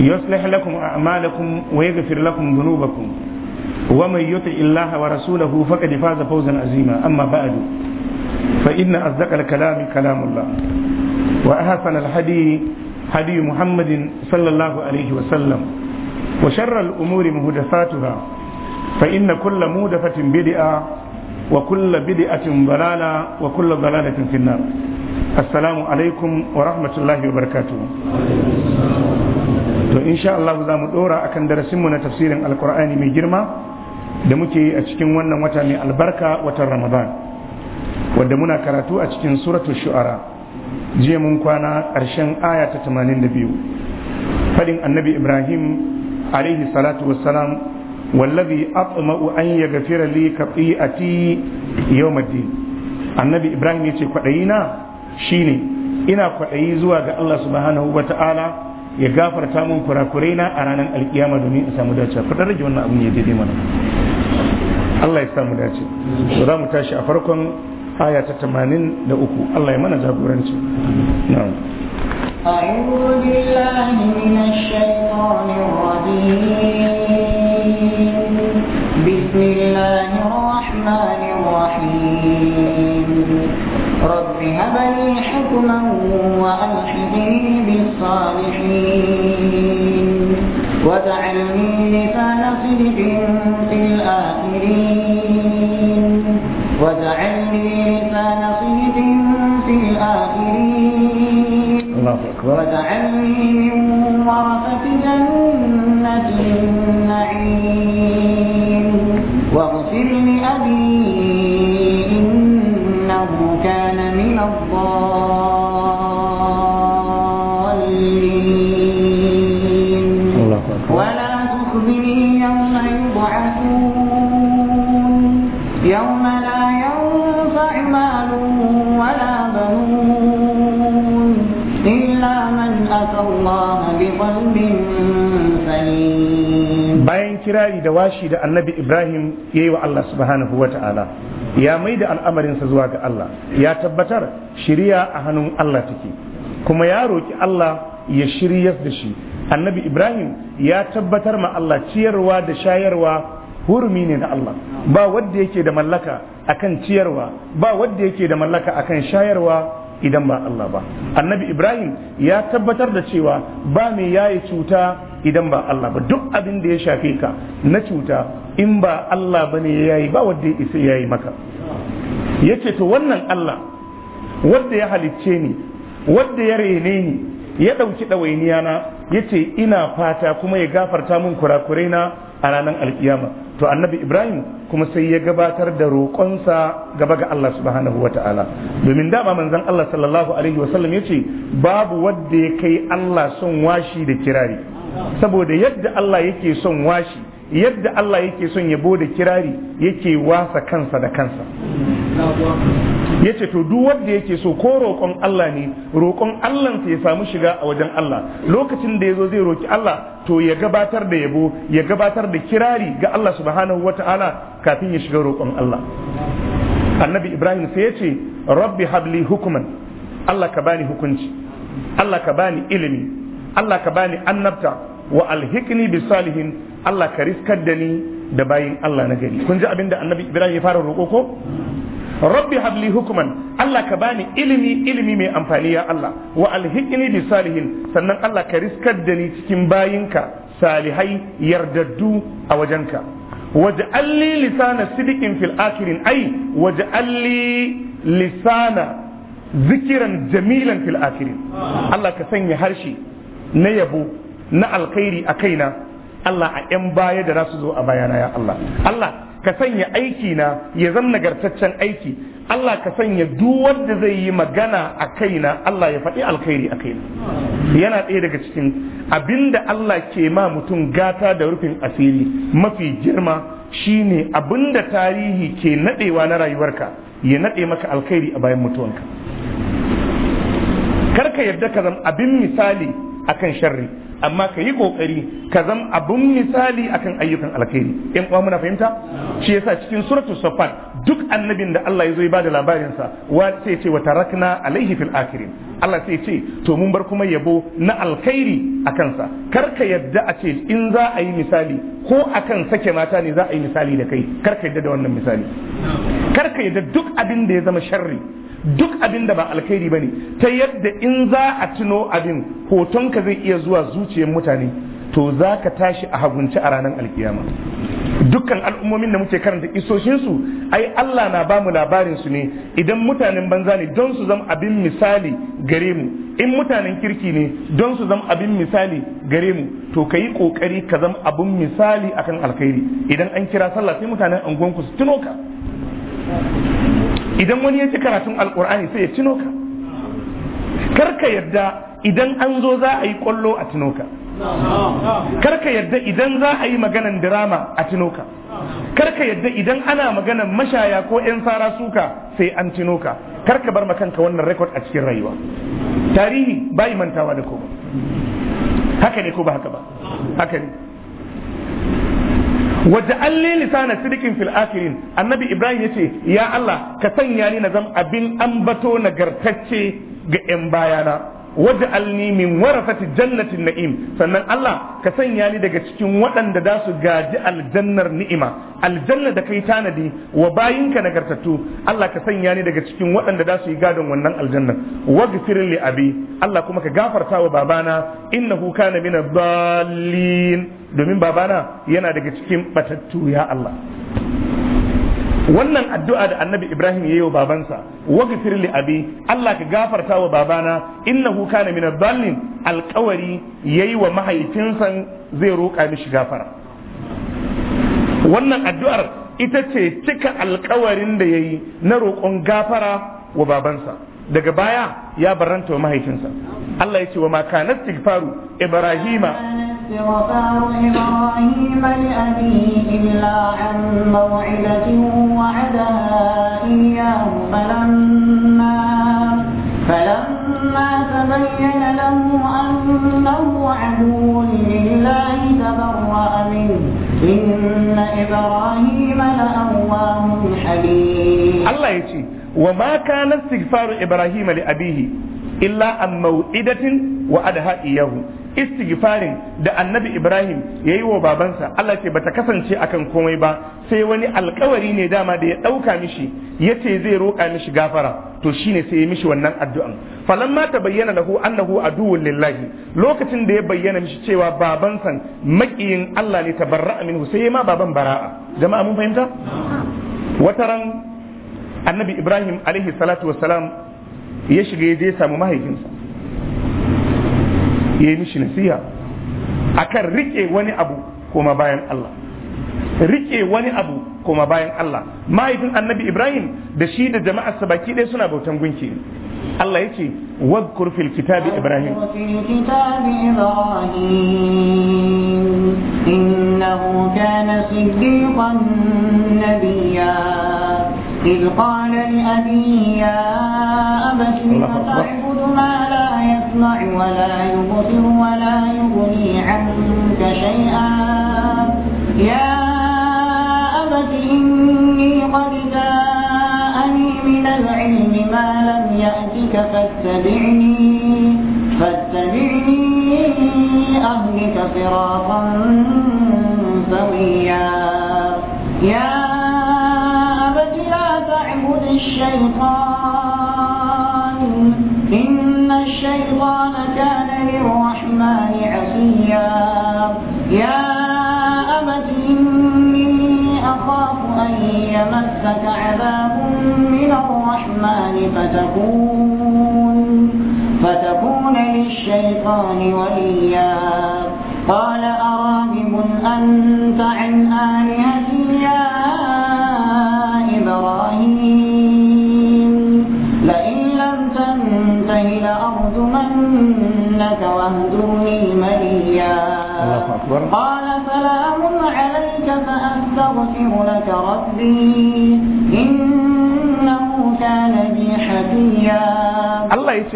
يصلح لكم أعمالكم ويغفر لكم ذنوبكم ومن يطع الله ورسوله فقد فاز فوزا عظيما أما بعد فإن أصدق الكلام كلام الله وأحسن الحديث حديث محمد صلى الله عليه وسلم وشر الأمور مهدفاتها فإن كل مودفة بدعة وكل بدعة ضلالة وكل ضلالة في النار السلام عليكم ورحمة الله وبركاته to insha Allah za mu dora akan darasin mu na tafsirin alqur'ani mai girma da muke yi a cikin wannan wata mai albarka watan ramadan wadda muna karatu a cikin suratul shu'ara jiya mun kwana ƙarshen aya ta 82 Faɗin annabi ibrahim alaihi salatu wassalam wallazi atma'u an yaghfira li khati'ati yawmiddin annabi ibrahim yace kwaɗayi na shine ina kwadayi zuwa ga Allah subhanahu wata'ala ya gafarta mun kurakurai na a ranar alkiyama domin in samu dace ku dan rage wannan abin ya daidai mana Allah ya samu dace za mu tashi a farkon aya ta 83 Allah ya mana jagoranci na'am أعوذ بالله من الشيطان الرجيم بسم الله هب لي حكما وألحقني بالصالحين واجعلني لسان صدق في الآخرين واجعلني لسان صدق في الآخرين الله أكبر واجعلني من ورثة جنة النعيم واغفر لأبي الضالين ولا تخزني يوم يبعثون يوم لا ينفع مال ولا بنون إلا من أتى الله بقلب سليم kirari da washi da annabi ibrahim ya yi wa allah subhanahu wa ta'ala ya mai da al'amarinsa zuwa ga allah ya tabbatar shirya a hannun allah take kuma ya roki allah ya shirya da shi annabi ibrahim ya tabbatar ma allah ciyarwa da shayarwa hurumi ne na allah ba wadda yake da mallaka akan ciyarwa ba wadda yake da mallaka akan shayarwa idan ba Allah ba annabi ibrahim ya tabbatar da cewa ba me yayi cuta idan ba Allah ba duk abin da ya shafe ka na cuta in ba Allah ba ne ya yi ba wanda ya isa yayi maka Yace to wannan Allah wanda ya halicce ni wanda ya rene ni ya ɗauki ɗawainiya na yace ina fata kuma ya gafarta min kurakurai na a ranar alkiyama to annabi ibrahim kuma sai ya gabatar da roƙonsa gaba ga Allah subhanahu wa ta'ala domin dama manzon Allah sallallahu alaihi wa sallam yace babu wanda ya kai Allah son washi da kirari saboda yadda Allah yake son washi yadda Allah yake son yabo da kirari yake wasa kansa da kansa ya ce to duk wanda yake so ko roƙon Allah ne roƙon Allah ya samu shiga a wajen Allah lokacin da ya zo zai roki Allah to ya gabatar da yabo ya gabatar da kirari ga Allah subhanahu wata'ala kafin ya shiga roƙon Allah annabi Ibrahim sai ya ce rabbi habli hukuman Allah ka bani hukunci Allah ka bani ilimi Allah ka bani annabta wa alhikni bi salihin Allah ka riskar da ni da bayin Allah na gari kun ji abinda annabi Ibrahim ya fara roƙo ko rabbi habli hukuman Allah ka bani ilimi ilimi mai amfani ya Allah wa alhiqni bi salihin sannan Allah ka riskar da ni cikin bayinka salihai yardaddu a wajenka ka. li lisana sidiqin fil akhirin ai waj'al lisana zikiran jamilan fil akhirin Allah ka sanya harshe na yabo na alkhairi a kaina Allah a 'yan baya da za su zo a bayana ya Allah Allah ka sanya aiki na ya zama nagartaccen aiki Allah ka sanya duk wanda zai yi magana a kaina Allah ya faɗi alkhairi a kaina yana ɗaya daga cikin abinda Allah ke ma mutum gata da rufin asiri mafi girma shine abinda tarihi ke naɗewa na rayuwarka ya naɗe maka alkhairi a bayan mutuwanka kar ka yadda ka zama abin misali akan sharri amma ka yi kokari ka zama abun misali akan ayyukan alkhairi yan uwa muna fahimta shi yasa cikin suratul safat duk annabin da Allah ya zo ya bada labarinsa wa sai ce wa tarakna alaihi fil akhirin Allah sai ce to mun bar kuma yabo na alkhairi a kansa kar ka yadda a ce in za a yi misali ko akan sake mata ne za a yi misali da kai kar ka yadda da wannan misali kar ka yadda duk abin da ya zama sharri duk abin da ba alkhairi bane ta yadda in za a tuno abin hoton ka zai iya zuwa zuciyar mutane to za ka tashi a hagunci a ranar alkiyama dukkan al'ummomin da muke karanta isoshinsu ai Allah na bamu labarin su ne idan mutanen banza ne don su zama abin misali gare mu in mutanen kirki ne don su zama abin misali gare mu to ka yi kokari ka zama abin misali akan alkhairi idan an kira sallah sai mutanen anguwanku su tuno ka idan wani ya ci karatun alkur'ani sai ya tuno ka kar ka yarda idan an zo za a yi kwallo a tuno ka karka yadda idan za a yi maganan dirama a tinoka karka yadda idan ana maganan mashaya ko 'yan fara suka sai an tinoka karka bar makanka wannan rekod a cikin rayuwa tarihi bai mantawa da koma haka ne ko ba haka ba haka ne wadda alli lisana sidikin fil akirin annabi ibrahim ya ce ya allah ka sanya ni na zama abin ambato nagartacce ga 'yan bayana waj'alni min warasati jannatin na'im sannan Allah ka sanya ni daga cikin waɗanda za su gaji aljannar ni'ima aljanna da kai tanadi wa bayinka nagartattu Allah ka sanya ni daga cikin waɗanda za su yi gadon wannan aljannar waghfir li abi Allah kuma ka gafarta wa babana innahu kana min dallin domin babana yana daga cikin batattu ya Allah wannan addu'a da annabi ibrahim ya yi wa babansa wagi li abi allah ka gafarta wa babana innahu kana min adh-dhalin alqawari yayi wa mahaifinsa zai roƙa mishi gafara wannan addu'ar ita ce cika alkawarin da yayi na roƙon gafara wa babansa daga baya ya baranta wa mahaifinsa Allah ya ce wa ma kana istighfaru ibrahima استغفار إبراهيم لأبيه إلا عن موعدة وعدها إياه فلما فلما تبين له أنه عدو لله تبرأ منه إن إبراهيم لأواه حليم الله يجزي wa ma kana istighfaru ibrahim li abihi illa an mau'idatin wa adha iyahu istighfarin da annabi ibrahim ya yi wa babansa Allah ce bata kasance akan komai ba sai wani alkawari ne dama da ya ɗauka mishi yace zai roƙa mishi gafara to shi ne sai ya mishi wannan addu'an falamma ta bayyana lahu annahu aduwwun lillahi lokacin da ya bayyana mishi cewa babansa makiyin Allah ne ta minhu sai ya ma baban bara'a jama'a mun fahimta wataran annabi ibrahim alaihi salatu wassalam ya shiga ya je samu mahaifinsa ya yi mishi nasiha akan rike wani abu kuma bayan Allah rike wani abu kuma bayan Allah mahaifin annabi ibrahim da shi da jama'arsa baki ɗaya suna bautan gunki Allah yake واذكر في الكتاب إبراهيم في الكتاب إبراهيم إنه كان صديقا نبيا إذ قال لأبيه يا أبت لم تعبد ما الشيطان وليا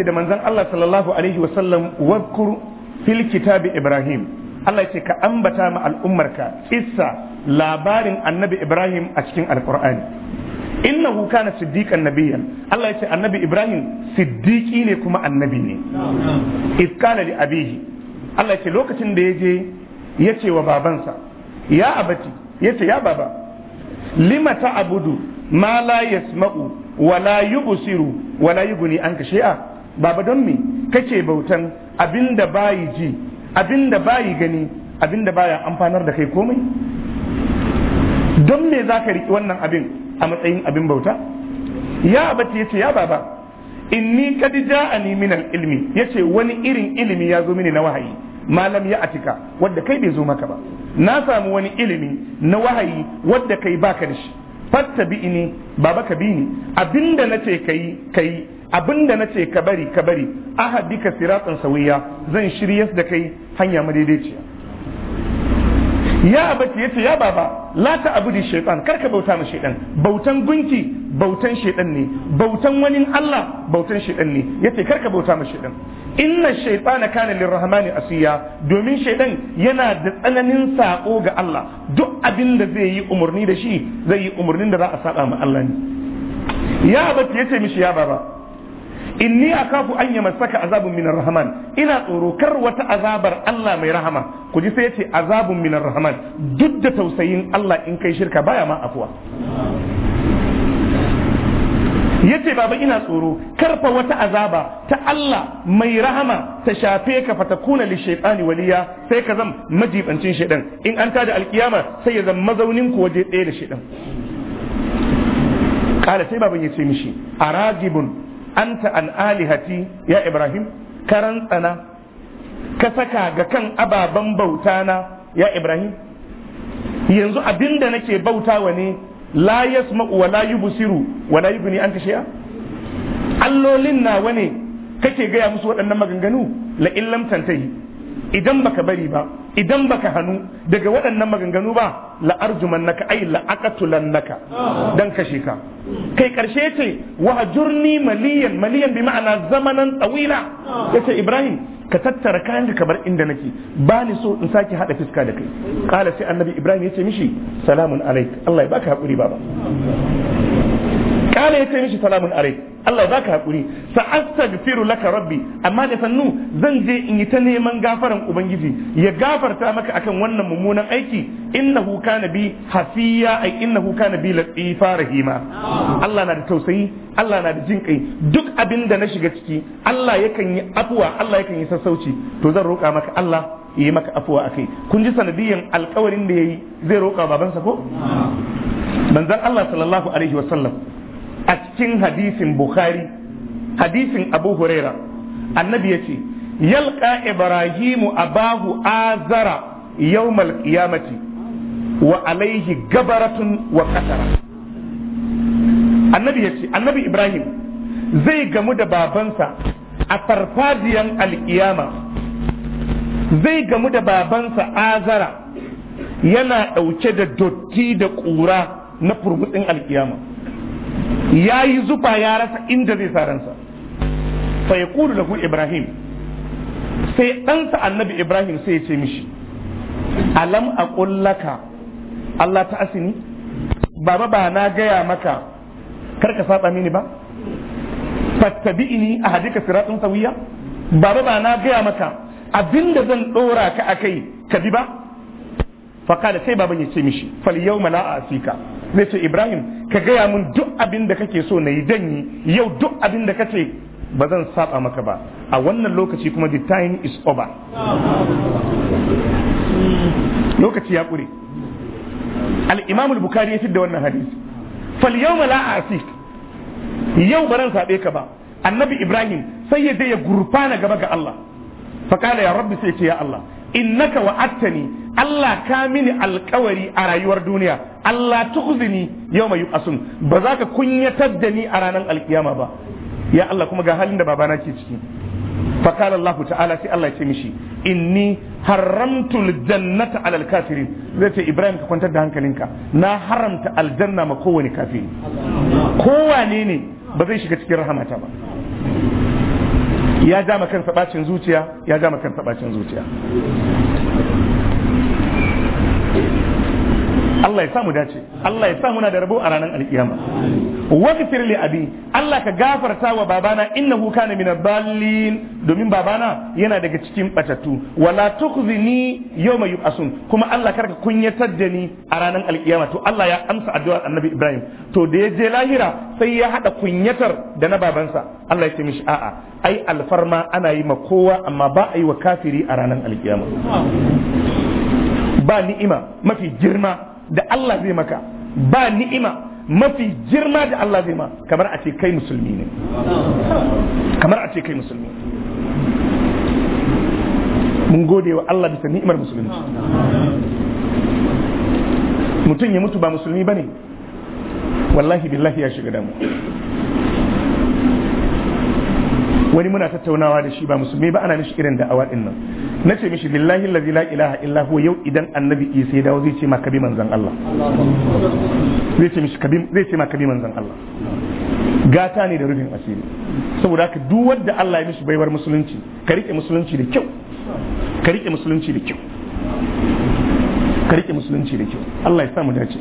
ce da manzon Allah sallallahu alaihi wasallam wadkur fil kitabi Ibrahim Allah ce ka ambata ma al'ummarka isa labarin annabi Ibrahim a cikin alqur'ani innahu kana siddiqan nabiyyan Allah ce annabi Ibrahim siddiqi ne kuma annabi ne iz kana li abihi Allah ce lokacin da ya je ce wa babansa ya abati ya ce ya baba lima ta'budu ma la yasma'u wala yubsiru wala yughni anka shay'a baba don me kake bautan abinda bayi ji abinda bayi gani abinda baya amfanar da kai komai don me za ka riƙi wannan abin a matsayin abin bauta ya abati ya ce ya baba inni kad ja'ani min ilmi yace wani irin ilimi ya zo mini na wahayi malam ya atika wadda kai bai zo maka ba na samu wani ilimi na wahayi wadda kai baka da shi fattabi'ini baba ka bi ni abinda nace kai kai abinda na ce ka bari ka bari ahadika siratan sawiya zan shiryas da kai hanya madaidaiciya ya abati yace ya baba la ta abudi kar karka bauta ma shaitan bautan gunki bautan shaitan ne bautan wani Allah bautan shaitan ne yace karka bauta ma shaitan inna shaitana kana lirrahmani asiya domin shaitan yana da tsananin sako ga Allah duk abin da zai yi umarni da shi zai yi umurnin da za a saba ma Allah ne ya abati yace mishi ya baba inni akafu an yamassaka azabun minar rahman ina tsoro kar wata azabar Allah mai rahama ku ji sai ce azabun minar rahman duk da tausayin Allah in kai shirka baya ma afuwa ce baba ina tsoro karfa wata azaba ta Allah mai rahama ta shafe ka kuna li shaytani waliya sai ka zam majibancin shaydan in an tada alkiyama sai ya zama mazaunin ku waje ɗaya da shaydan kala sai baban ce mishi aragibun anta an alihati ya ibrahim ka rantsana ka saka ga kan ababen bauta na ya ibrahim yanzu abinda nake bauta wa ne la yasma'u wa la yubsiru wa la yubni anta shay'a allolin nawa ne kake gaya musu waɗannan maganganu la illam tantahi idan baka bari ba idan baka hannu daga waɗannan maganganu ba la'arjuman naka ai la'aqatulan naka ah. dan kashe ka kai karshe yace wa hajurni maliyan maliyan bi ma'ana zamanan tawila ah. yace ibrahim ka tattara kayan ka bar inda nake ba ni so in sake haɗa fiska da kai qala sai annabi ibrahim ya ce mishi salamun alaik Allah ya baka hakuri baba kana ya ce mishi salamun alai Allah za ka haƙuri sa astaghfiru laka rabbi amma da sannu zan je in yi ta neman gafaran ubangiji ya gafarta maka akan wannan mummunan aiki innahu kana bi hafiya ai innahu kana bi latifa rahima Allah na da tausayi Allah na da jinƙai duk abin da na shiga ciki Allah yakan yi afuwa Allah yakan yi sassauci to zan roƙa maka Allah ya yi maka afuwa akai kun ji sanadiyan alkawarin da ya yi zai roƙa babansa ko manzon Allah sallallahu alaihi wasallam a cikin hadisin bukhari hadisin abu huraira annabi ya ce yalqa ibrahimu abahu azara yau qiyamati wa alaihi gabaratun wa annabi ya ce annabi ibrahim zai gamu da babansa a farfajiyan alkiyama zai gamu da babansa azara yana ɗauke da dotti da ƙura na furgutsin alkiyama ya yi zufa ya rasa inda zai sa ransa fa ya kudu ku ibrahim sai ɗansa annabi ibrahim sai ya ce mishi alam a ƙullaka allah ta asini baba ba na gaya maka kar saba mini ba ini a hadika siratun sawiya baba ba na gaya maka abinda zan ɗora ka a kai ka bi ba fakada sai baban ya ce mishi fal yau mala a asika zai ce ibrahim ka gaya mun duk abin da kake so na yi danyi yau duk abin da kace ba zan saba maka ba a wannan lokaci kuma the time is over lokaci ya ƙure al-imam al-bukhari ya fidda wannan hadisi fal yawma la yau ba zan sabe ka ba annabi ibrahim sai ya je ya gurfana gaba ga Allah fa ya rabbi sai ce ya Allah innaka ni, Allah ka mini alkawari a rayuwar duniya Allah tukhzini yawma yu'asun ba za ka kunyatar da ni a ranar al-kiyama ba ya Allah kuma ga halin da babana ke ciki fa kana ta'ala sai Allah ya ce mishi inni haramtul jannata alal kafirin zai ce Ibrahim ka kwantar da hankalinka na haramta aljanna ma kowane kafiri kowane ne ba zai shiga cikin rahama ba ya ja kansa bacin zuciya ya ja kansa bacin zuciya Allah ya sa mu dace Allah ya sa muna da rabo a ranar alkiyama waghfir li abi Allah ka gafarta wa babana innahu kana min dallin domin babana yana daga cikin batattu wala tukhzini yawma yub'asun kuma Allah karka kunyatar da ni a ranar alkiyama to Allah ya amsa addu'a Annabi Ibrahim to da ya je lahira sai ya hada kunyatar da na babansa Allah ya ce mishi a'a ai alfarma ana yi ma kowa amma ba a yi wa kafiri a ranar alkiyama ba ni'ima mafi girma da Allah zai maka ba ni'ima mafi girma da Allah zai ma kamar a ce kai musulmi ne kamar a ce kai musulmi mun gode wa Allah bisa ni'imar musulmi mutum ya mutu ba musulmi ne wallahi billahi ya shiga damu wani muna tattaunawa da shi ba musulmi ba ana mishi irin da'awa din nan ce mishi billahi allazi la ilaha illa huwa yau idan annabi isa ya dawo zai ce ma kabi manzon Allah zai ce mishi kabi zai ce ma kabi manzon Allah gata ne da rufin asiri saboda haka duk wanda Allah ya mishi baiwar musulunci ka rike musulunci da kyau ka rike musulunci da kyau ka rike musulunci da kyau Allah ya sa mu dace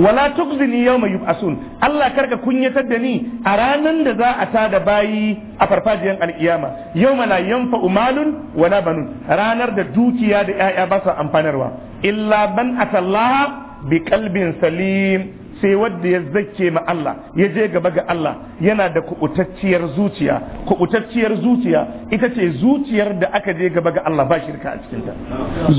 wala tukhzini yawma yub'asun Allah karka kunyatar da ni a ranan da za a tada bayi a farfajiyan alkiyama yawma la yanfa umalun wala banun ranar da dukiya da 'ya'ya ba su amfanarwa illa ban atallaha bi kalbin salim sai wanda ya zake ma Allah ya je gaba ga Allah yana da kubutacciyar zuciya kubutacciyar zuciya ita ce zuciyar da aka je gaba ga Allah ba shirka a cikinta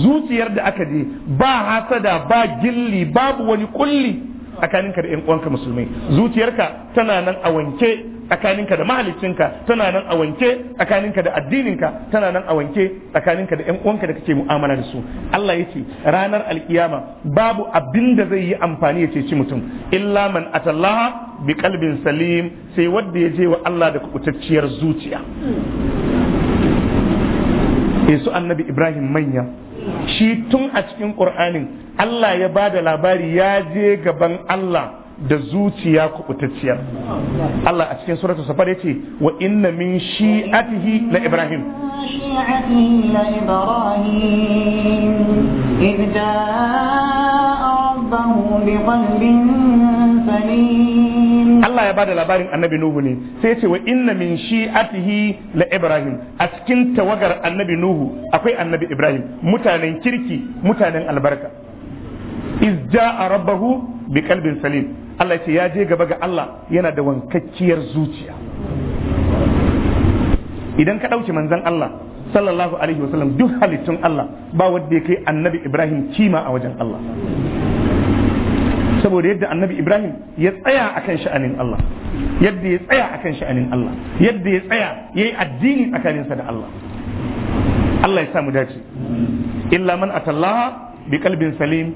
zuciyar da aka je ba hasada ba gilli babu wani kulli tsakaninka da 'yan uwanka musulmai zuciyarka tana nan a wanke tsakaninka da mahaliccinka tana nan a wanke tsakaninka da addininka tana nan a wanke tsakaninka da ƴan uwanka da kake mu'amala da su Allah yace ranar alkiyama babu abin da zai yi amfani ya ceci mutum illa man atallaha bi qalbin salim sai wanda ya je wa Allah da kubutacciyar zuciya Yesu eh, annabi Ibrahim manya shi tun a cikin Qur'anin Allah ya bada labari ya je gaban Allah da zuciya kubutacciyar Allah a cikin suratul safar yace wa inna min shi'atihi la ibrahim Allah ya bada labarin annabi nuhu ne sai yace wa inna min shi'atihi la ibrahim a cikin tawagar annabi nuhu akwai annabi ibrahim mutanen kirki mutanen albarka iz ja'a bi biqalbin salim Allah ce ya je gaba ga Allah yana da wankakkiyar zuciya idan ka ɗauki manzon Allah sallallahu alaihi wasallam duk halittun Allah ba wanda ya kai annabi Ibrahim kima a wajen Allah saboda yadda annabi Ibrahim ya tsaya akan sha'anin Allah yadda ya tsaya akan sha'anin Allah yadda ya tsaya ya yi addini tsakaninsa da Allah Allah ya samu dace illa man atallaha bi kalbin salim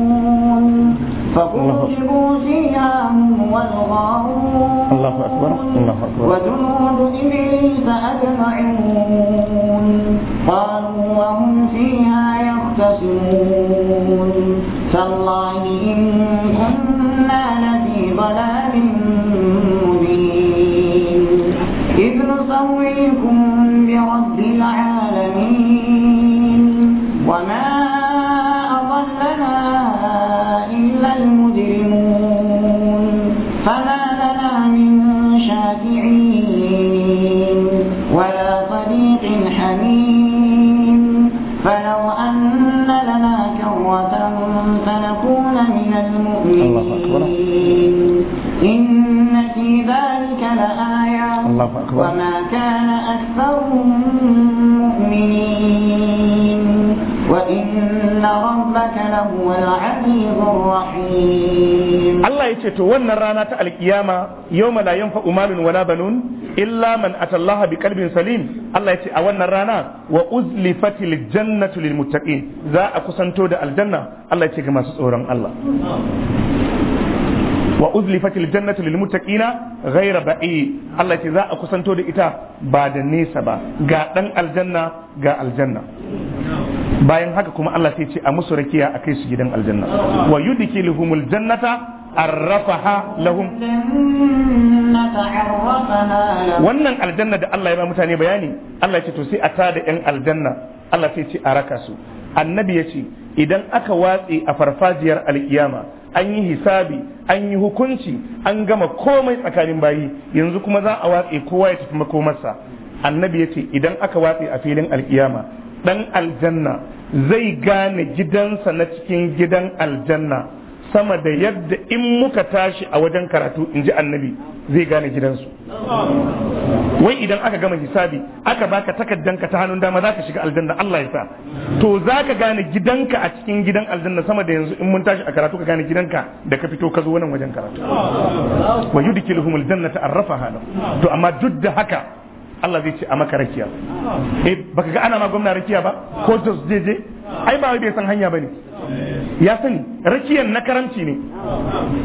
فكوكبوا فيها هم والغاوون الله أكبر الله أكبر وجنود إبليس أجمعون قالوا وهم فيها يختصمون تالله إن كنا لفي ضلال مبين إذ نسويكم برب لآية الله أكبر وما كان أكثرهم مؤمنين وإن ربك لهو العزيز الرحيم الله يتشتو وانا رانا القيامة يوم لا ينفع مال ولا بنون إلا من أتى الله بقلب سليم الله يتشتو وانا رانا وأزلفت الجنة للمتقين ذا أكسنتو دا الجنة الله يتشتو كما سوران الله wa uzlifatil jannatu lil muttaqina ghayra ba'i Allah ce za a kusanto da ita ba da nesa ba ga dan aljanna ga aljanna bayan haka kuma Allah sai ce a musu rakiya a kai su gidan aljanna wa yudkhiluhumul jannata arrafaha lahum wannan aljanna da Allah ya ba mutane bayani Allah ya ce to sai a tada yan aljanna Allah sai ce a raka su annabi ya ce idan aka watse a farfajiyar alkiyama an yi hisabi an yi hukunci an gama komai tsakanin bayi yanzu kuma za a watse kowa ya tafi makomarsa annabi ya ce idan aka watse a filin alkiyama dan aljanna zai gane gidansa na cikin gidan aljanna sama da yadda in muka tashi a wajen karatu in ji annabi zai gane gidansu wai idan aka gama hisabi aka baka takaddanka ta hannun dama zaka shiga aljanna Allah ya sa to zaka gane gidanka a cikin gidan aljanna sama da yanzu in mun tashi a karatu ka gane gidanka da ka fito ka zo nan wajen karatu wa yudkiluhumul jannata arrafaha to amma duk da haka Allah zai ce a maka rakiya eh baka ga ana ma gwamna rakiya ba ko jos jeje ai ba bai san hanya bane ya sani rakiyar na karamci ne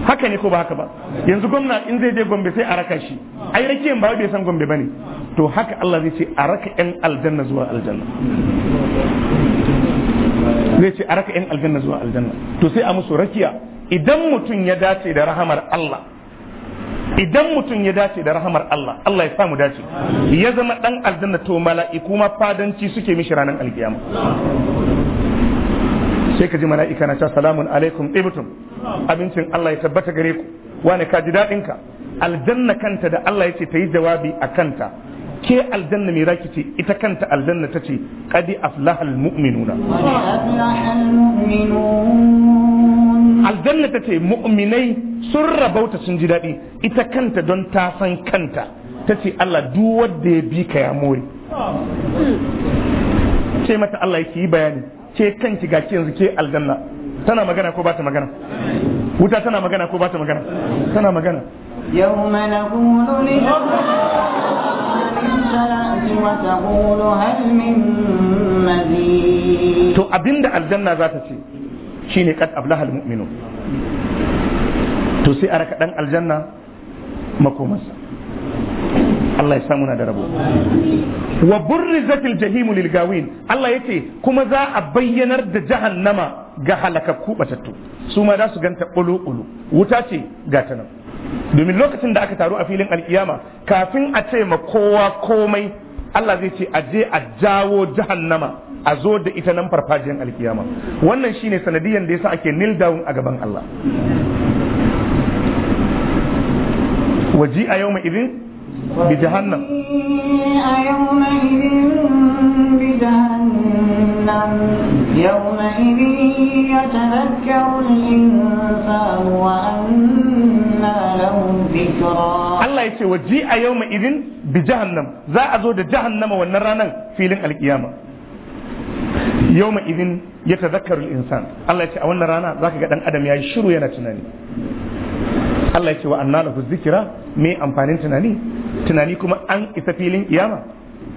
haka ne ko ba haka ba yanzu gwamna in zai je gombe sai a raka shi ai rakiyar ba bai san gombe bane to haka Allah zai ce a raka yan aljanna zuwa aljanna zai ce a raka yan aljanna zuwa aljanna to sai a musu rakiya idan mutum ya dace da rahamar Allah idan mutum ya dace da rahamar Allah Allah ya samu dace ya zama dan aljanna to mala'iku ma fadanci suke mishi ranar alkiyama sai ka ji mala'ika na ta salamun alaikum ibtum abincin Allah ya tabbata gare ku wani ka ji daɗin ka aljanna kanta da Allah ya ce ta yi jawabi a kanta ke aljanna mai raki ce ita kanta aljanna ta ce kadi aflahal mu'minuna aljanna ta ce mu'minai sun rabauta sun ji daɗi ita kanta don ta san kanta ta ce Allah duk wanda ya bi ka ya more ce mata Allah yake yi bayani ke kanki ga yanzu ke aljanna tana magana ko ba ta magana wuta tana magana ko ba ta magana tana magana يوم نقول وتقول هل من مزيد تو أبين الجنة ذات شيء شيني قد al-muminu, to sai a raka ɗan aljanna makomarsa Allah ya samu na da rabo wa zafil jahimu lilgawin. Allah ya ce kuma za a bayyanar da jahannama ga halakakku batattu su ma za su ganta ƙulu-ƙulu wuta ce ga ta nan domin lokacin da aka taru a filin alkiyama kafin a ce ma kowa komai Allah zai ce a je a jawo jahannama a zo da ita nan farfajiyar alkiyama wannan shine sanadiyan da yasa ake nil down a gaban Allah waji a yau ma'izin بجهنم يومئذ Allah ya ce wa a yau ma irin bi jahannam za a zo da jahannama wannan ranar filin alkiyama yau ma irin ya ta insan Allah ya ce a wannan rana za ka ga dan adam ya yi shiru yana tunani Allah ya ce wa annala ku zikira me amfanin tunani tunani kuma an isa filin kiyama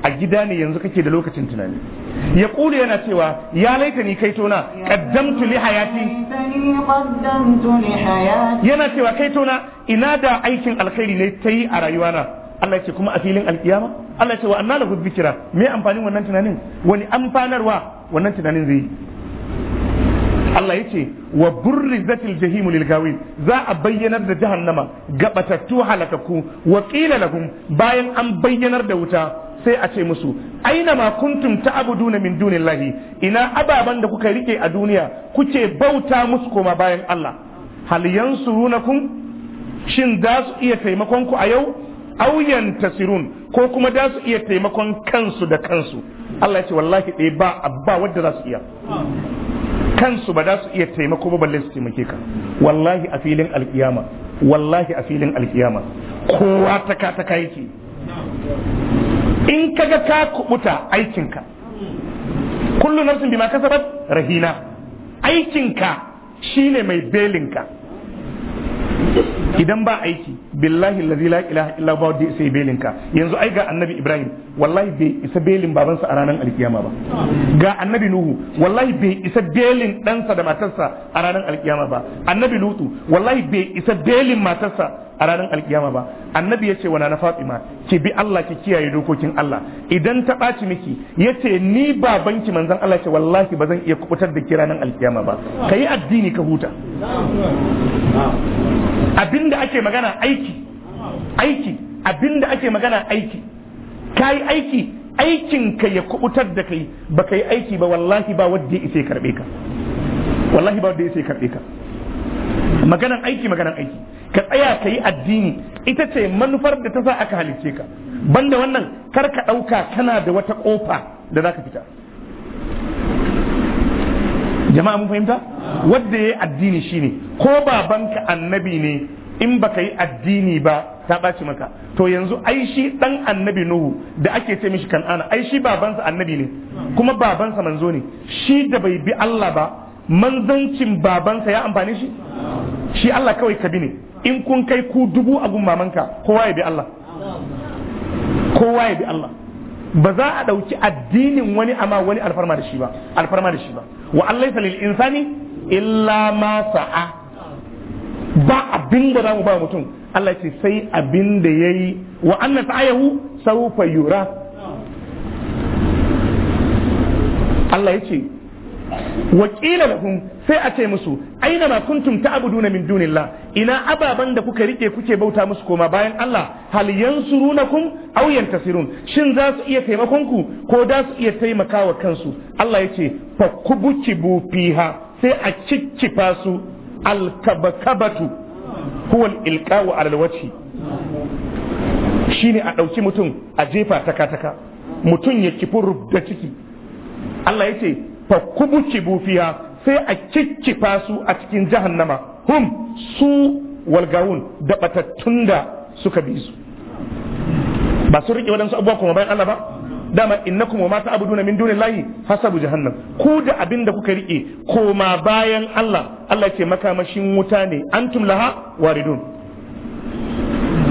a gida ne yanzu kake da lokacin tunani ya kulu yana cewa ya laika ni kai tona kaddamtu li hayati yana cewa kai tona ina da aikin alkhairi ne ta yi a rayuwana Allah ce kuma a filin alkiyama Allah ce wa annala lahu dhikra me amfanin wannan tunanin wani amfanarwa wannan tunanin zai yi Allah ya ce wa zatil jahimu lil gawin za a bayyanar da jahannama ga batattu halakaku wa qila lahum bayan an bayyanar da wuta sai a ce musu aina ma kuntum ta'buduna min dunillahi ina ababan da kuka rike a duniya kuke bauta musu koma bayan Allah hal yansurunakum shin za su iya taimakon ku a yau aw yantasirun ko kuma da su iya taimakon kansu da kansu Allah ya ce wallahi ɗaya ba abba wadda za su iya kansu ba za su iya taimako ba balle su taimake ka wallahi a filin alkiyama wallahi a filin alkiyama kowa ta ka ta kai in kaga ka kubuta aikinka kullu nafsin bima kasabat rahina aikinka shine mai belinka idan ba aiki billahi allazi la ilaha illa huwa da isa belin ka yanzu ai ga annabi ibrahim wallahi bai isa belin babansa a ranar alkiyama ba ga annabi nuhu wallahi bai isa belin ɗansa da matarsa a ranar alkiyama ba annabi lutu wallahi bai isa belin matarsa a ranar alkiyama ba annabi ya ce wa na fatima ki bi Allah ki kiyaye dokokin Allah idan ta ɓaci miki ya ce ni babanki manzon Allah ce wallahi ba zan iya kubutar da ki ranar alkiyama ba ka yi addini ka huta abinda ake magana aiki aiki abinda ake magana aiki ka yi aiki aikinka ya kubutar da kai ba kai yi aiki ba wallahi ba wadda ya isa karbe ka wallahi ba wadda ya isa karbe ka maganan aiki maganan aiki ka tsaya ka yi addini ita ce manufar da ta sa aka halicce ka banda wannan kar ka ɗauka kana da wata ƙofa da za ka fita jama'a mun fahimta wanda yayi addini shine ko babanka annabi ne in baka yi addini ba ta ɓaci maka to yanzu ai shi ɗan annabi nuhu da ake ce mishi kan'ana ai shi babansa annabi ne kuma babansa manzo ne shi da bai bi Allah ba manzancin babansa ya amfani shi shi Allah kawai ka bi ne in kun kai ku dubu a mamanka kowa ya bi Allah kowa ya bi Allah ba za a ɗauki addinin wani amma wani alfarma da shi ba alfarma da shi ba wa Allah lil insani illa ma sa'a ba abin da zamu ba mutum Allah ce sai abin da yayi wa anna sa'ayahu sawfa yura Allah yace wa da lahum sai a ce musu aina ma kuntum ta'buduna min dunillah ina ababan da kuka rike kuke bauta musu koma bayan Allah hal yansurunakum aw yantasirun shin za su iya taimakon ku ko da su iya taimakawa kansu Allah yace fa kubukibu fiha sai a cikkifa su alkabakabatu huwa ilqa'u ala alwajhi shine a dauki mutum a jefa takataka? mutum ya kifi da ciki Allah yace fa kubukibu fiha sai a kikkifa su a cikin jahannama hum su walgawun da batattun da suka bi su ba su rike waɗansu abubuwa kuma bayan Allah ba dama innakum wa ma ta'buduna min llahi hasabu jahannam ku da abin da kuka rike koma bayan Allah Allah ce makamashin wuta ne antum laha waridun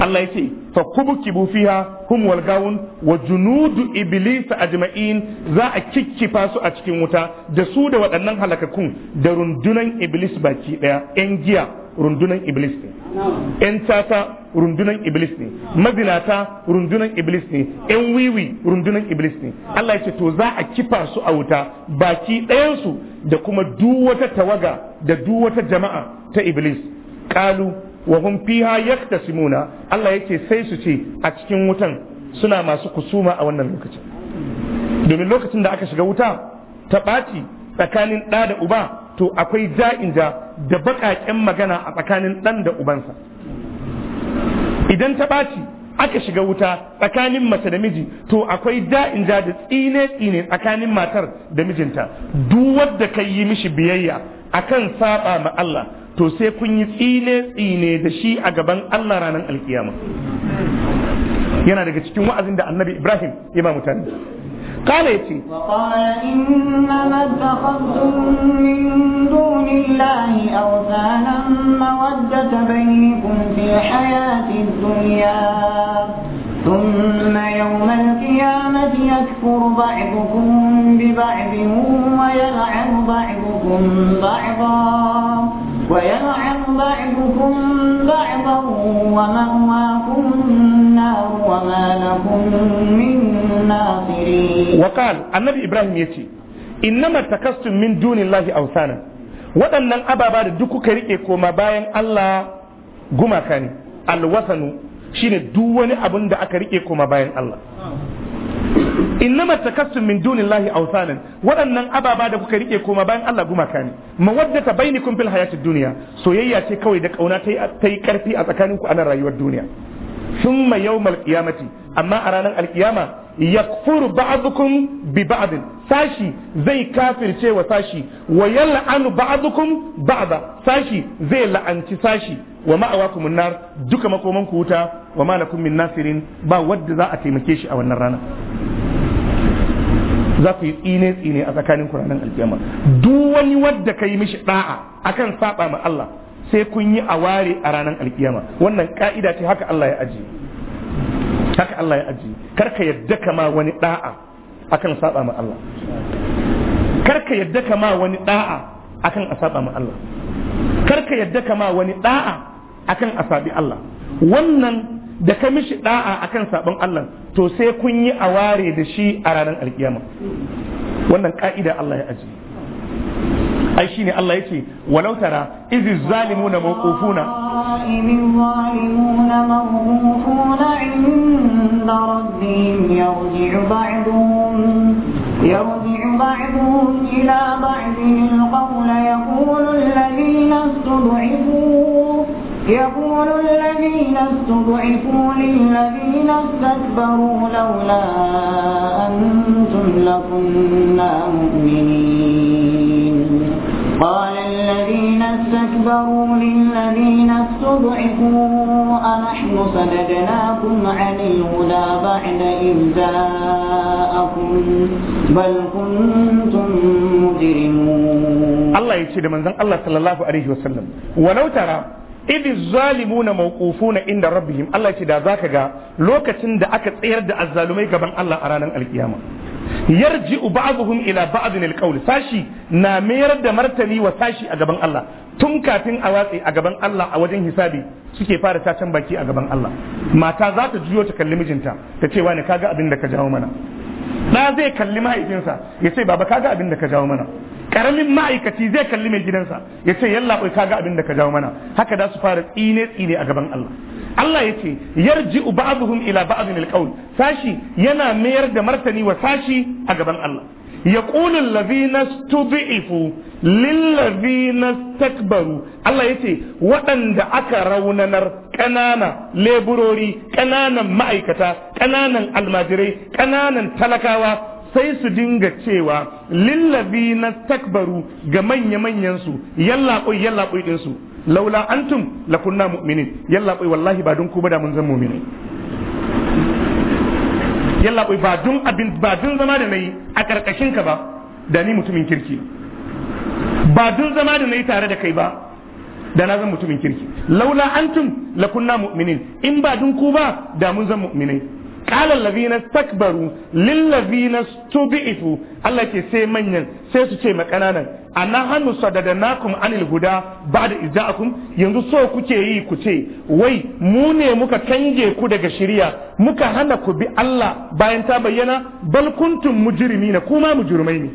Allah yace fa kubkibu fiha hum wal gawun wa junudu iblis ajma'in za a kikkifa su a cikin wuta da su da waɗannan halakakun da rundunan iblis baki daya yan giya rundunan iblis ne yan tata rundunan iblis ne mazinata rundunan iblis ne yan wiwi rundunan iblis ne Allah ce to za a kifa su a wuta baki ɗayansu da kuma duk wata tawaga da duk wata jama'a ta iblis qalu wa hum fiha yaktasimuna Allah yake sai su ce a cikin wutan suna masu kusuma a wannan lokacin domin lokacin da aka shiga wuta ta ɓaci tsakanin ɗa da uba to akwai ja'inja da baƙaƙen magana a tsakanin ɗan da ubansa idan ta ɓaci aka shiga wuta tsakanin mace da miji to akwai da'in ja da tsine tsine tsakanin matar da mijinta duk wanda kai yi mishi biyayya akan saba ma Allah to sai kun yi tsine tsine da shi a gaban Allah ranar alkiyama yana daga cikin wa'azin da annabi Ibrahim ya ba mutane قال يتي وقال إنما اتخذتم من دون الله أوثانا مودة بينكم في الحياة الدنيا ثم يوم القيامة يكفر بعضكم ببعض ويلعن بعضكم بعضا ويلعن بعضكم بعضا ومأواكم النار وما لكم من الناصرين وقال النبي إبراهيم يتي إنما تكستم من دون الله أوثانا waɗannan ababa da duk kuka riƙe koma bayan Allah gumaka ne alwasanu shine duk wani abin da aka riƙe koma bayan Allah innama takassum min dunillahi awsanan waɗannan ababa da kuka rike koma bayan Allah gumaka ne mawaddata bainakum fil hayatid dunya soyayya ce kawai da kauna ta yi karfi a tsakaninku a nan rayuwar duniya thumma yawmal qiyamati amma a ranar alkiyama yakfuru ba'dukum bi ba'adin, sashi zai kafirce wa sashi wa yal'anu ba'dukum ba'da sashi zai la'anci sashi wa ma'awakum annar duka makoman ku wuta wa ma lakum min nasirin ba wanda za a taimake shi a wannan rana za ku yi tsine tsine a tsakanin ku ranar alkiyama duk wani wanda kai mishi da'a akan saba ma Allah sai kun yi aware a ranar alkiyama wannan ka'ida ce haka Allah ya ajiye haka Allah ya ajiye kar ka yadda ka ma wani da'a akan saba ma Allah kar ka yadda ka ma wani da'a akan a saba ma Allah kar ka yadda ka ma wani da'a akan a sabi Allah wannan da ka mishi da'a akan sabon Allah to sai kun yi aware da shi a ranar alkiyama wannan ka'ida Allah ya ajiye ai shine Allah yake walau tara izi zalimuna mawqufuna zalimuna يقول الذين استضعفوا للذين استكبروا لولا أنتم لكنا مؤمنين قال الذين استكبروا للذين استضعفوا أنحن صددناكم عن الهدى بعد إذ جاءكم بل كنتم مجرمون الله يشهد من ذن الله صلى الله عليه وسلم ولو ترى idin zalimuna mawqufuna inda rabbihim Allah ce da zaka ga lokacin da aka tsayar da azzalumai gaban Allah a ranar alkiyama Yarji ba'dhum ila ba'dhin alqawl sashi na mayar da martani wa sashi a gaban Allah tun kafin a watsi a gaban Allah a wajen hisabi suke fara tacan baki a gaban Allah mata za ta juyo ta kalli mijinta ta ce wani kaga abin da ka jawo mana da zai kalli mahaifinsa ya ce baba kaga abin da ka jawo mana karamin ma'aikaci zai kalli mai gidansa ya ce yalla kaga abin da ka jawo mana haka da su fara tsine tsine a gaban Allah Allah ya ce yarji ba'dhum ila ba'dhin alqaul sashi yana mayar da martani wa sashi a gaban Allah yaqulu alladhina stud'ifu lilladhina stakbaru Allah ya ce waɗanda aka raunanar ƙanana leburori ƙananan ma'aikata ƙananan almajirai ƙananan talakawa sai su dinga cewa na Takbaru ga manya manyan su yalla su laula antum kunna mu'minin yalla koy wallahi ba dun ku ba da mun zan mu'mini yalla koy ba dun abin ba dun zama da nayi a karkashin ka ba da ni mutumin kirki ba dun zama da nayi tare da kai ba da na zan mutumin kirki laula antum kunna mu'minin in ba dun ku ba da mun zan mu'minai qala allazina takbaru lil ladina stubi'u Allah ke sai manyan sai su ce makananan da sadadnakum anil guda huda da izaakum yanzu so kuke yi ku ce wai mu ne muka kange ku daga shari'a muka hana ku bi Allah bayan ta bayyana bal kuntum na kuma mujrimai ne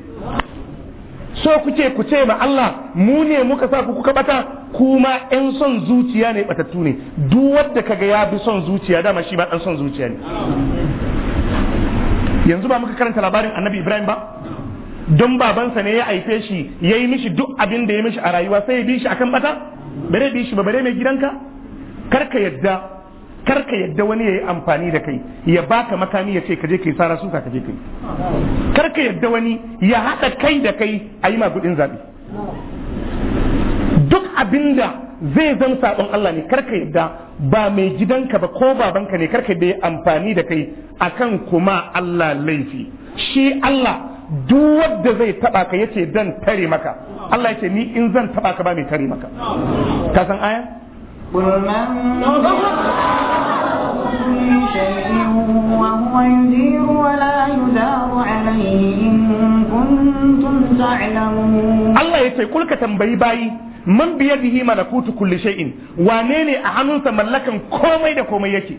so kuke ku ce ma Allah mu ne muka sa ku kuka bata kuma ɗan son zuciya ne batattu ne duk wanda kaga ya bi son zuciya dama shi ba ɗan son zuciya ne yanzu ba muka karanta labarin annabi Ibrahim ba don babansa ne ya haife shi ya yi mishi duk abin da ya mishi a rayuwa sai ya bi shi akan bata bare bi shi ba bare mai gidanka kar ka yadda kar ka yadda wani yayi amfani da kai ya baka makami ya ce ka je kai sara suka ka je kai kar ka yadda wani ya haɗa kai da kai a yi magudin zaɓe duk abinda zai zan sabon Allah ne kar ka yadda ba mai gidanka ba ko babanka ne kar ka yi amfani da kai akan kuma Allah laifi shi Allah duk wanda zai taba ka yace dan tare maka Allah yace ni in zan taba ka ba mai tare maka ka san aya قل من كل شيء وهو يدير ولا يدار عليه إن كنتم تعلمون بيده ملكوت كل شيء وانيني أحنون سملكا كومي دا كومي يكي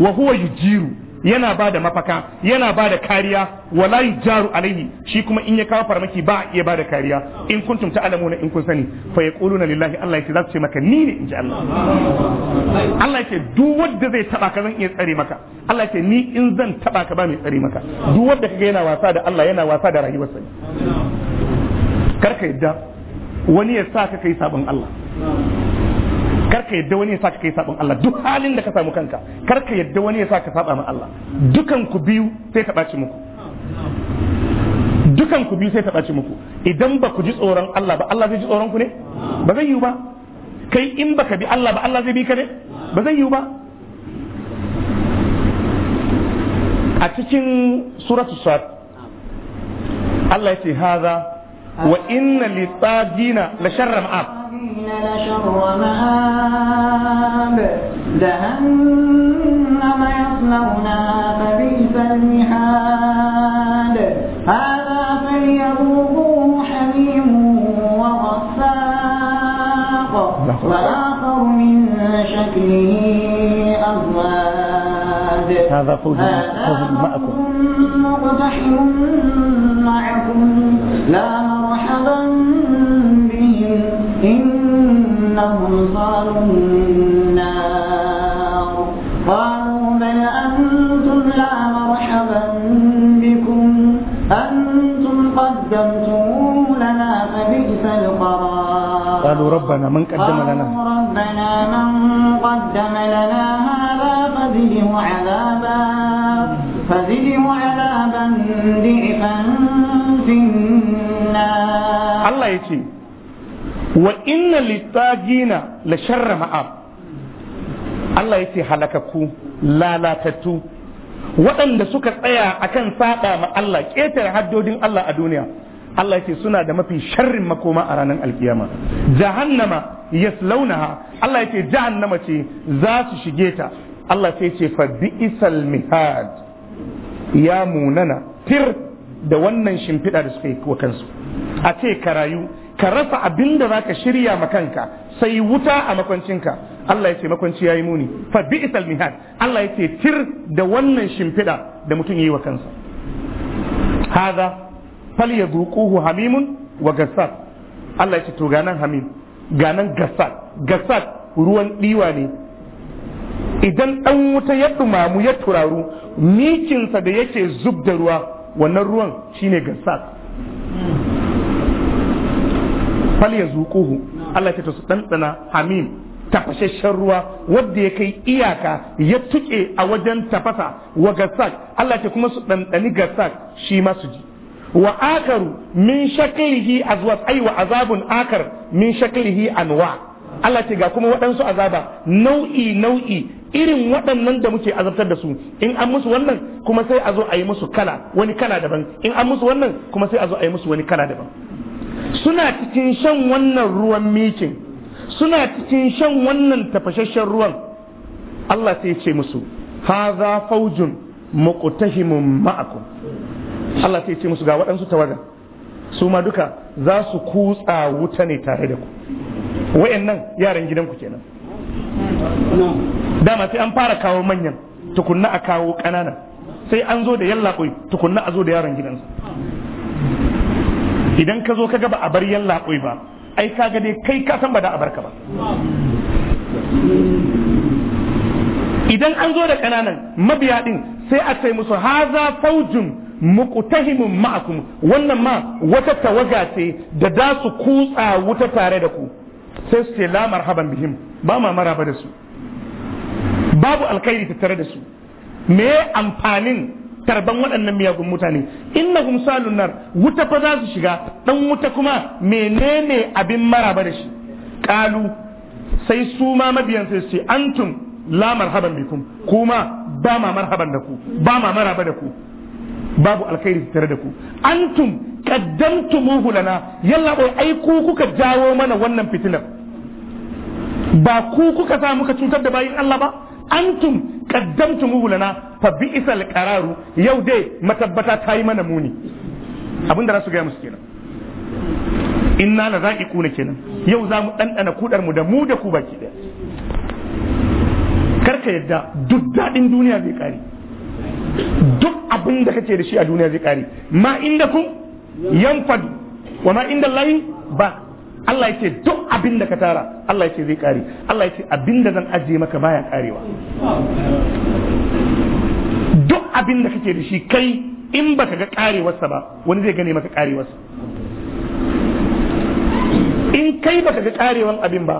وهو يجيرو yana ba da mafaka yana ba da kariya walayi jaru alaihi shi kuma in ya kawo farmaki ba iya ba da kariya in kuntum ta'lamuna in kun sani fa yaquluna lillahi Allah yake za su ce maka ni ne inji Allah Allah yake duk wanda zai taba ka zan iya tsare maka Allah yake ni in zan taba ka ba mai tsare maka duk wanda kaga yana wasa da Allah yana wasa da rayuwarsa kar ka yadda wani ya sa ka kai sabon Allah Kar ka yadda wani ya ka kai saban Allah duk halin da ka samu kanka kar ka yadda wani ya ka saba ma Allah dukan ku biyu sai ka ɓaci muku dukan ku biyu sai ka ɓaci muku idan ba ku ji tsoron Allah ba Allah zai ji tsoron ku ne ba zai yiwu ba kai in baka bi Allah ba Allah zai bi ka ne ba zai yiwu ba a cikin suratu sad Allah ya ce haza wa inna litsagina la sharra ma'ab الظالمين لشر مآب جهنم يصلونها فبئس المحاد هذا فليذوقوه حميم وغساق وآخر من شكله أزواج هذا قوم معكم مقتحم معكم لا مرحبا أنهم صالوا النار قالوا بل أنتم لا مرحبا بكم أنتم قدمتموه لنا فبئس القرار قالوا ربنا من قدم لنا ربنا من قدم لنا هذا فزده عذابا فزده عذابا ضعفا في النار الله يتيم wa inna littagina la sharra ma'ab Allah ce halakaku lalatattu waɗanda suka tsaya akan saɓa ma Allah ƙetare haddodin Allah a duniya Allah ce suna da mafi sharrin makoma a ranar alkiyama jahannama yaslaunaha Allah yace jahannama ce za su shige ta Allah sai ce fa bi'sal mihad ya munana tir da wannan shimfiɗa da suka yi wa kansu a ce ka rayu ka rasa abin da za ka shirya ma kanka sai wuta a makwancinka Allah ya ce makwanci ya yi muni fa bi isal mihad Allah ya ce tir da wannan shimfiɗa da mutum ya yi wa kansa haza fal ya zuƙuhu hamimun wa gassat Allah ya ce to ganan hamim ganan gassat gassat ruwan diwa ne idan ɗan wuta ya ɗumamu ya turaru mikinsa da yake zub da ruwa wannan ruwan shine gassat Falya yazuquhu Allah ta su ɗanɗana hamim tafashashen ruwa wadda ya kai iyaka ya tuƙe a wajen tafasa wa gasak Allah ta kuma su ɗanɗani gasak shi ma su ji wa akaru min shaklihi azwat ai wa azabun akar min shaklihi anwa Allah ce ga kuma waɗansu azaba nau'i nau'i irin waɗannan da muke azabtar da su in an musu wannan kuma sai a zo a yi musu kala wani kala daban in an musu wannan kuma sai a zo a yi musu wani kala daban suna cikin shan wannan ruwan mikin suna cikin shan wannan tafashashen ruwan Allah sai ce musu haza faujun muqtahimun ma'akum Allah sai ce musu ga waɗansu tawaga su ma duka za su kutsa wuta ne tare da ku wa'annan yaran gidanku kenan dama sai an fara kawo manyan tukunna a kawo ƙanana sai an zo da yallaɓai tukunna a zo da yaran gidansa idan ka zo ka gaba a bar yalla koi ba ai ka ga dai kai ka san ba da a barka ba idan an zo da kananan mabiya din sai a sai musu haza faujun muqtahimun ma'akum wannan ma wata tawaga ce da za su kutsa wuta tare da ku sai su ce la marhaban bihim ba ma maraba da su babu alkhairi tattare da su me amfanin Karban waɗannan miyagun mutane hum salun nar wuta fa za su shiga dan wuta kuma menene abin maraba da shi Ƙalu sai su ma mabiyan sai su antum la marhaban bikum kuma ba ma marhaban da ku ba ma maraba da ku babu alkhairi tare da ku antum qaddamtumuhu lana yalla ko ai ku kuka jawo mana wannan fitinar ba ku kuka sa muka cutar da bayin Allah ba antum qaddamtumuhu lana fa isal qararu yau dai matabbata ta yi mana muni abin da su gaya musu kenan inna la za'iquna kenan yau za mu ɗanɗana kudar mu da mu da ku baki ɗaya karka yadda duk daɗin duniya zai kare duk abin da kake da shi a duniya zai kare ma inda ku yanfad wa ma inda layi ba Allah yake duk abin da ka tara Allah yake zai kare Allah yake abin da zan ajiye maka baya karewa. duk abin da kake da shi kai in baka ga karewarsa ba wani zai gane maka karewarsa in kai baka ga karewan abin ba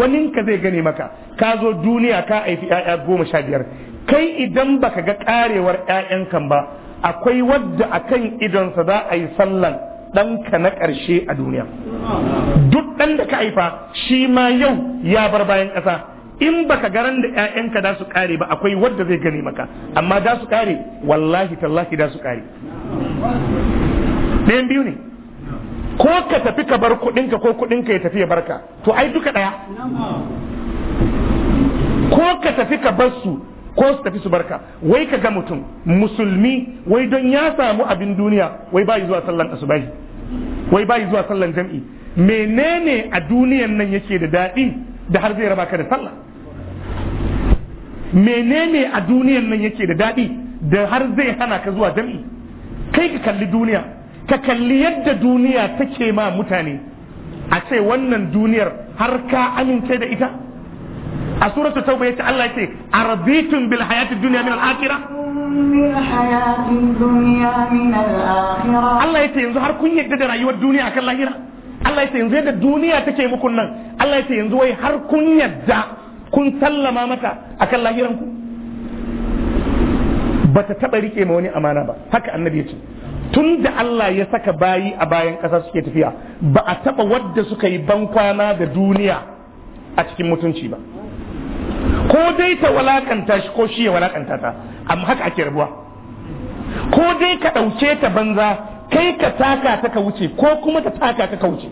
wani ka zai gane maka ka zo duniya ka haifi 'ya'ya goma sha biyar kai idan baka ga karewar 'ya'yan kan ba akwai wadda a kan idonsa za a yi sallan ɗanka na ƙarshe a duniya duk ɗan da ka haifa shi ma yau ya bar bayan ƙasa in baka garan da ƴaƴanka da su kare ba akwai wadda zai gani maka amma da su kare wallahi tallahi da su kare ɗayan biyu ne ko ka tafi ka bar kuɗinka ko kuɗinka ya tafi ya barka to ai duka ɗaya ko ka tafi ka bar su ko su tafi su barka wai ka ga mutum musulmi wai don ya samu abin duniya wai bayi zuwa sallan asubahi wai bayi zuwa sallan jam'i menene a duniyan nan yake da daɗi da har zai raba ka da sallah menene a duniyan nan yake da daɗi da har zai hana ka zuwa jam'i kai ka kalli duniya ka kalli yadda duniya take ma mutane a ce wannan duniyar har ka amince da ita a suratu tauba yace Allah yace arabitun bil hayati dunya min al akhirah Allah yace yanzu har kun yadda da rayuwar duniya akan lahira Allah yace yanzu yadda duniya take muku nan Allah yace yanzu wai har kun yadda kun sallama mata kan lahiranku ba ta taɓa riƙe ma wani amana ba haka annabi ya ce tun da Allah ya saka bayi a bayan ƙasa suke tafiya ba a taɓa wadda suka yi bankwana da duniya a cikin mutunci ba ko dai ta walakanta shi ko shi ya walakanta ta amma haka ake rabuwa ko dai ka ɗauke ta banza kai ka taka ta ka wuce ko kuma ta taka ta ka wuce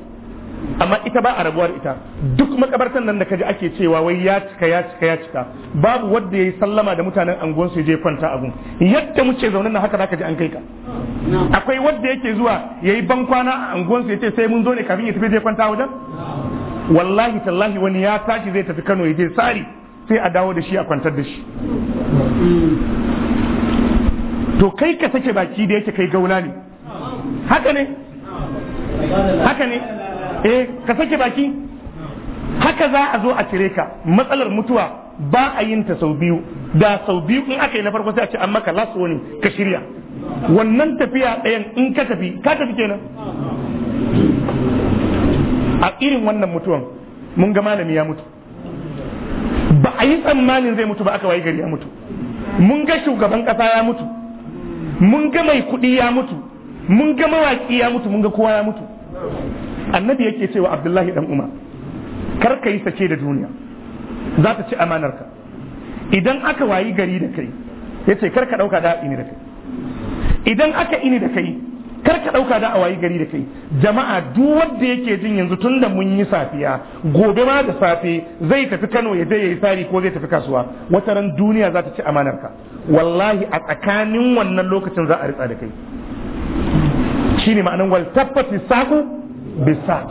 amma ita ba a rabuwar ita duk makabartan nan da kaji ake cewa wai ya cika ya cika ya cika babu wanda yayi sallama da mutanen anguwan su je kwanta a gun yadda muke zaune nan haka zaka ji an kai ka akwai wanda yake zuwa yayi ban kwana a anguwan su yace sai mun zo ne kafin ya tafi je kwanta wajen wallahi tallahi wani ya tashi zai tafi Kano ya je sari sai a dawo da shi a kwantar da shi to kai ka sake baki da yake kai gauna ne haka ne haka ne eh ka sake baki haka za a zo a cire ka matsalar mutuwa ba a yin ta sau biyu da sau biyu in aka yi na farko sai a ce an maka last warning ka shirya wannan tafiya ɗayan in ka tafi ka tafi kenan a irin wannan mutuwan mun ga malami ya mutu ba a yi tsammanin zai mutu ba aka wayi gari ya mutu mun ga shugaban ƙasa ya mutu mun ga mai kuɗi ya mutu mun ga mawaƙi ya mutu mun ga kowa ya mutu annabi yake cewa abdullahi dan umar kar ka yi sace da duniya za ta ci amanarka idan aka wayi gari da kai ya kar ka ɗauka da ini da kai idan aka ini da kai kar ka ɗauka da a wayi gari da kai jama'a duk wanda yake jin yanzu tun da mun yi safiya gobe ma da safe zai tafi kano ya je ya yi sari ko zai tafi kasuwa wata ran duniya za ta ci amanarka wallahi a tsakanin wannan lokacin za a ritsa da kai shine ma'anan wal tabbati saku bisak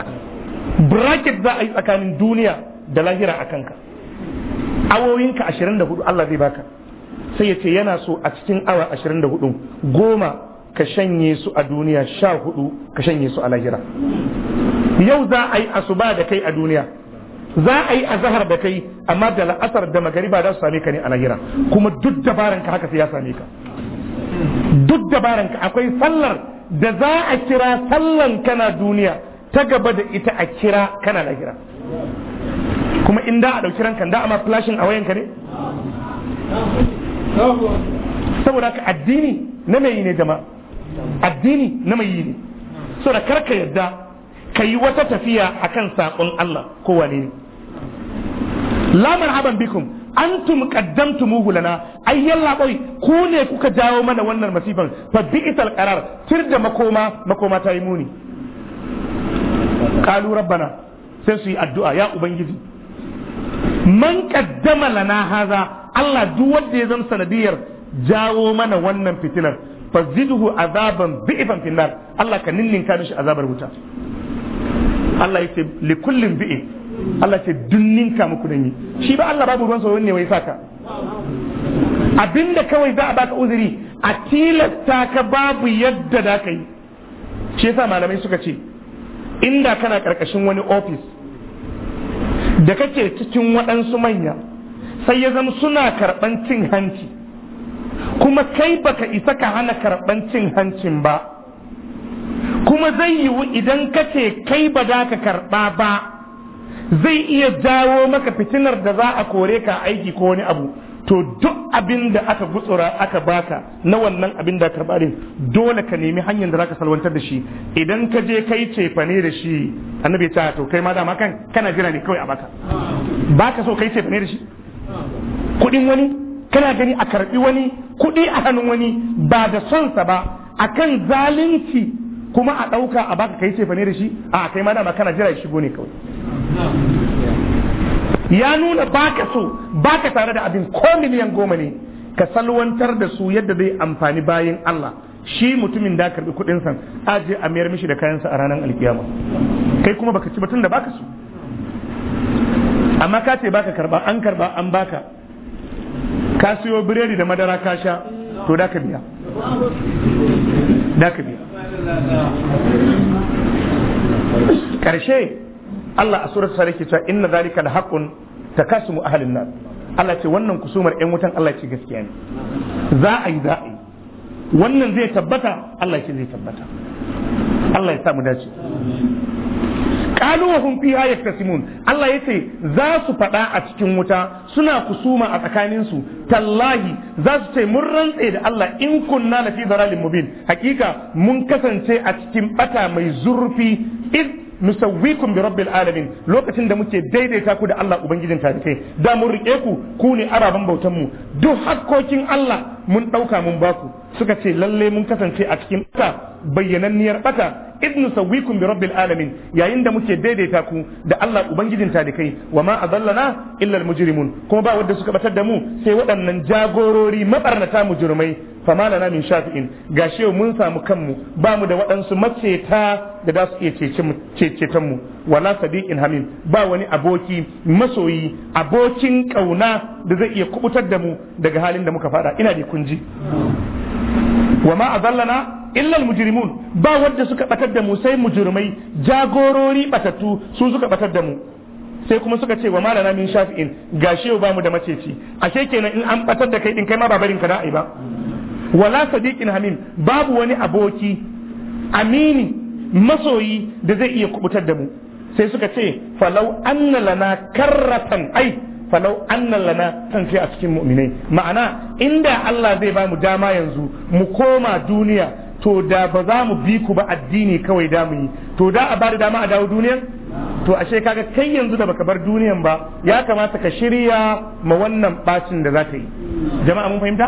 bracket za a yi tsakanin duniya da lahira a kanka awowinka 24 Allah zai baka sai ya ce yana so a cikin awa 24 goma ka shanye su a duniya sha hudu ka shanye su a lahira yau za a yi asuba da kai a duniya za a yi azahar da kai amma da la'asar da magariba za su same ka ne a lahira kuma duk dabaran ka haka sai ya same ka duk dabaran ka akwai sallar da za a kira sallan kana duniya ta gaba da ita a kira kana lahira kuma in da a ɗauki ranka da a ma a wayanka ne saboda ka addini na mai yi ne jama'a addini na mai yi ne saboda karka yadda ka yi wata tafiya akan saƙon Allah ko wane ne lamar haban bikum antum qaddamtumuhu lana ay yalla boy ku ne kuka jawo mana wannan masifan fa bi'sal qarar tirda makoma makoma ta yi muni qalu rabbana sai su yi addu'a ya ubangiji man qaddama lana haza Allah duk wanda ya zama sanadiyar jawo mana wannan fitinar faziduhu azaban bi'ifan finnar Allah ka ninninka mishi azabar wuta Allah yace li bi'i Allah ce dunninka muku dan shi ba Allah babu ruwan soyayya ne wai saka abinda kawai za a baka uzuri a tilasta ka babu yadda da ka yi shi yasa malamai suka ce inda kana karkashin wani ofis da kake cikin waɗansu manya sai ya zama suna karɓan cin hanci kuma kai baka isa ka hana karɓan cin hancin ba kuma zai yiwu idan kace kai ba za ka karɓa ba zai iya jawo maka fitinar da za a kore ka aiki ko wani abu to duk abin da aka gutsura aka baka na wannan abin da ka bare dole ka nemi hanyar da zaka salwantar da shi idan ka je kai cefane da shi annabi ya ah, to kai ma dama kan kana jira ne kawai a baka baka so kai cefane da shi kudin wani kana gani a karbi wani kudi a hannun wani ba da son sa ba akan zalunci kuma a dauka a baka kai cefane da shi a kai ma dama kana jira shi ne kawai ya nuna baka so baka tare da abin ko miliyan goma ne ka salwantar da su yadda zai amfani bayan Allah shi mutumin da karbi kudin san aje a mayar mishi da kayansa a ranar alkiyama kai kuma baka ci batun da baka so amma ka ce baka karba an karba an baka ka siyo biredi da madara ka sha to da ka biya da ka biya karshe Allah a surar sa ke cewa inna zalika ta kashi mu ahalin nar Allah ce wannan kusumar ƴan wutan Allah ce gaskiya ne za a yi za a yi wannan zai tabbata Allah ce zai tabbata Allah ya samu dace Kalu wa hum fiha yaktasimun Allah yace za su faɗa a cikin wuta suna kusuma a tsakanin su tallahi za su ce mun rantse da Allah in kunna fi dalalin mubin hakika mun kasance a cikin bata mai zurfi id nusawwikum bi rabbil alamin lokacin da muke daidaita ku da Allah ubangijin tarihi da mun rike ku ku ne araban bautan mu duk hakkokin Allah mun dauka mun baku suka ce lalle mun kasance a cikin bata bayyananniyar bata idnu sawwikum bi rabbil alamin yayin da muke daidaita ku da Allah ubangijin ta da kai wa ma adallana illa al mujrimun kuma ba wanda suka batar da mu sai waɗannan jagorori mabarnata mujrimai fama lana min shafi'in gashi mun samu kanmu ba mu da waɗansu maceta da za su iya cecetan mu wala sadiqin hamim ba wani aboki masoyi abokin kauna da zai iya kubutar da mu daga halin da muka fada ina da kunji wa ma azallana illa almujrimun ba wadda suka batar da mu sai mujrimai jagorori ɓatattu su suka batar da mu sai kuma suka ce wa ma lana min shafi'in gashi yau mu da maceci ashe kenan in an batar da kai din kai ma ba barin ka da ai ba wala sadiqin hamim babu wani aboki amini masoyi da zai iya kubutar da mu sai suka ce falau anna lana karratan ai falau annan lana kan sai a cikin mu'minai ma'ana inda Allah zai ba mu dama yanzu mu koma duniya to da ba za mu bi ku ba addini kawai da mu yi to da a bada dama a dawo duniya to ashe kaga kai yanzu da baka bar duniyan ba ya kamata ka shirya ma wannan bacin da za ta yi jama'a mun fahimta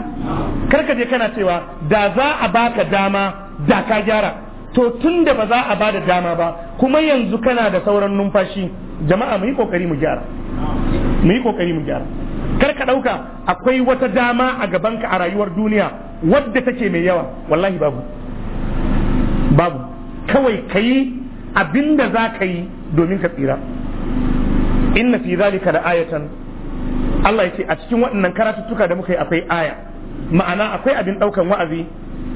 kar ka je kana cewa da za a baka dama da ka gyara to tun da ba za a ba da dama ba kuma yanzu kana da sauran numfashi jama'a mu yi kokari mu gyara mu yi kokari mu gyara kar ka dauka akwai wata dama a gabanka a rayuwar duniya wadda take mai yawa wallahi babu babu kawai kayi abinda za ka yi domin ka tsira inna fi zalika da ayatan Allah ya ce a cikin waɗannan karatuttuka da muka yi akwai aya ma'ana akwai abin ɗaukan wa'azi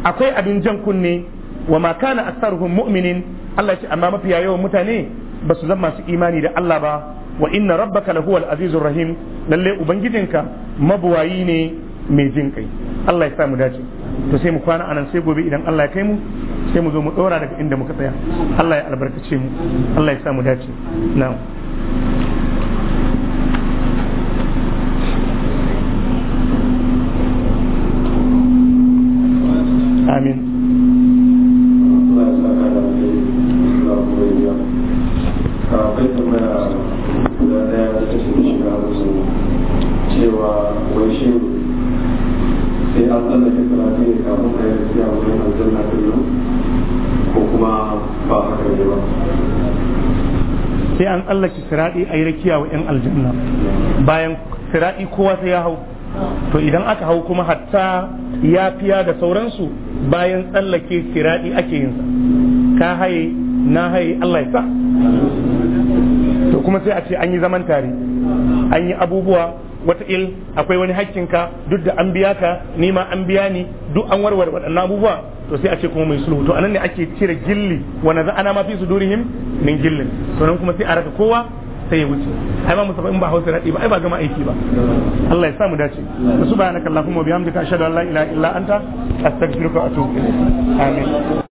akwai abin jan kunne wa ma kana aktharuhum mu'minin Allah ce amma mafiya yawan mutane ba su zama masu imani da Allah ba wa inna rabbaka lahuwal azizur rahim lalle ubangijinka mabuwayi ne mai jin kai Allah ya sa mu dace to sai mu kwana anan sai gobe idan Allah ya kai mu sai mu zo mu dora daga inda muka saya, Allah ya albarkace mu Allah ya sa mu dace na'am siraɗi a yi rakiya wa 'yan aljanna bayan siraɗi kowa sai ya hau to idan aka hau kuma hatta ya fiya da sauransu bayan tsallake kiraɗi ake yinsa ka haye na haye Allah ya sa to kuma sai a ce an yi zaman tare an yi abubuwa wata il akwai wani hakkinka duk da an biya ka ni ma an biya ni duk an warware waɗannan abubuwa to sai a ce kuma mai sulhu to anan ne ake cire gilli wa naza'ana ma fi sudurihim min gillin to nan kuma sai a raka kowa sai ya wuce ai ba musamman in ba hausa daɗi ba ai ba gama aiki ba Allah ya sa mu dace subhanakallahumma wa bihamdika ashhadu an la ilaha illa anta astaghfiruka wa atubu ilaik amin